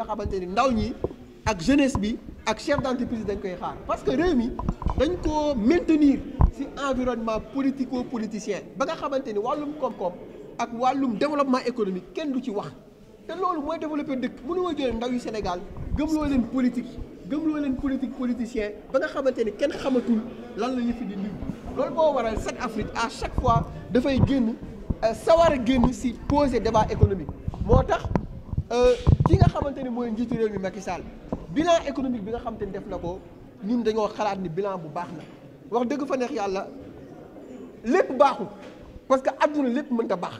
nga xamante ni ndaw ñi ak jeunesse bi ak chef d'entreprise dañ koy xaar parce que réew mi dañ koo maintenir ci environnement politico politicien ba nga xamante ni wàllum koom-koom ak wàllum développement économique kenn du ci wax te loolu mooy développer dëkk mënoo jëlee ndaw yu Sénégal gëmloo leen politique gëmloo leen politique politicien ba nga xamante ni kenn xamatul lan la ñu fi di nuyu loolu boo waral 7 Afrique à chaque fois dafay génn euh, sawar a génn ci poser débat économique moo tax. Euh, ki nga xamante ni mooy njiitu réew mi Macky Sall bilan économique bi nga xamante ni def na ko ñun dañoo xalaat ni bilan bu baax na wax dëgg fa neex yàlla lépp baaxul parce que àdduna lépp mënta baax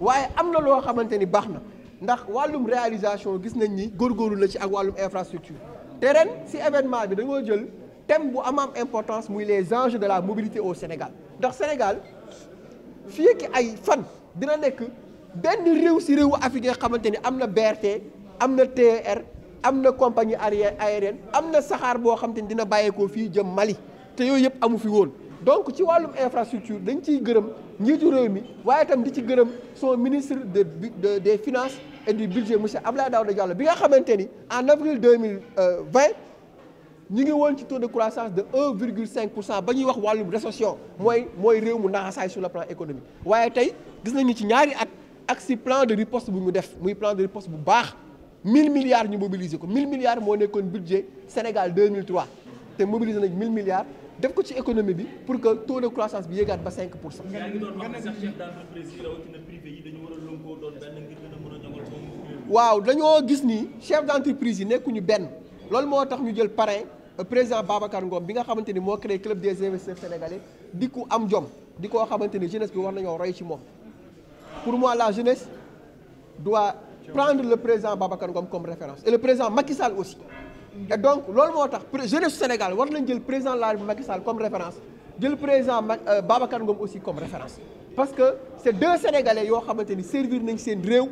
waaye am na loo xamante ni baax na ndax wàllum réalisation gis nañ ni góorgóorlu la ci ak wàllum infrastructure te ren si événement bi dañoo jël thème bu am importance muy les enjeux de la mobilité au Sénégal ndax Sénégal fii ki ay fan dina nekk benn réew si réewu Afrique nga xamante ni am na berte am na TER am na compagnie aérienne am na saxaar boo xam te ni dina bàyyeekoo fii jëm Mali te yooyu yëpp amu fi woon donc ci wàllum infrastructure dañ ciy gërëm njiitu réew mi waaye itam di ci gërëm son ministre de de des finances et du budget monsieur Abdoulaye Daouda Diallo bi nga xamante ni en avril deux mille euh, vingt ñu ngi woon ci taux de croissance de un virgule cinq pour cent ba ñuy wax wàllum récession mooy mooy réew mu naxasaay sur le plan économique waaye tey gis ci ñaari at. ak si plan de riposte bu ñu def muy plan de riposte bu baax 1000 milliards ñu mobiliser ko 1000 milliards moo nekkoon budget Sénégal 2003 te mobiliser nañ 1000 milliards def ko ci économie bi pour que taux de croissance bi yéegaat ba 5 pour cent. yaa sax waaw dañoo gis ni chef d'entreprise yi nekkuñu benn loolu moo tax ñu jël parrain euh, président Babacar Ngom bi nga xamante ni moo créé club des investisseurs sénégalais di ku am jom di koo xamante ni jeunesse bi wax nañoo roy ci moom. pour moi la jeunesse doit prendre le président Babacar Ngom comme référence et le président Macky Sall aussi et donc loolu moo tax jeunesse Sénégal war nañ jël président la Macky Sall comme référence jël président euh, Babacar Ngom aussi comme référence parce que c'est deux Sénégalais yoo xamante ni servir nañ seen réew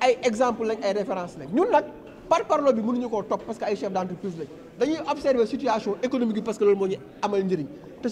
ay exemple lañ ay référence lañ ñun nag par parlo bi mënuñu ko topp parce que ay chef d'entreprise lañ dañuy observer situation économique bi parce que loolu moo ñu amal njëriñ te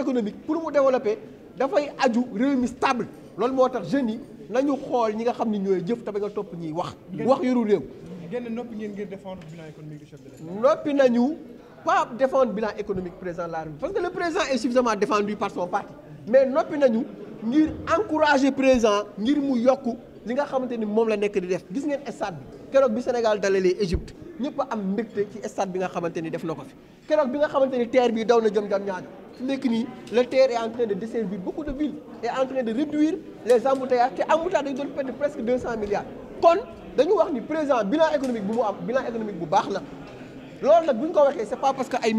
économique pour mu développer dafay aju réew mi stable loolu moo tax jeunes yi nañu xool ñi nga xam ni ñooy jëf te ba nga topp ñiy wax. wax yorul réew. génn noppi ngeen ngir défendre bilan économique du chef de l'État. noppi nañu pas défendre bilan économique président de la République parce que le président est suffisamment défendu par son parti mais noppi nañu ngir encourager président ngir mu yokk. li nga xamante ni moom la nekk di def gis ngeen stade bi keroog bi Sénégal dalalee Égypte ñëpp am mbégte ci stade bi nga xamante ni def na ko fi keroog bi nga xamante ni terre bi daw na jëm jam ñaajo su nekk nii la terre est en train de desservir beaucoup de villes est en de réduire les embouteillages te embouteillage dañu doon perdre presque milliards kon dañu wax ni président bilan économique bu mu am bilan économique bu baax la loolu nag bu ñu ko waxee c'est pas parce que ay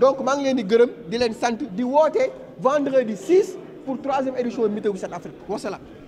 donc maa ngi leen di gërëm di leen sant di woote vendredi 6 pour troisième édition Meetup Set Afrique wasalaam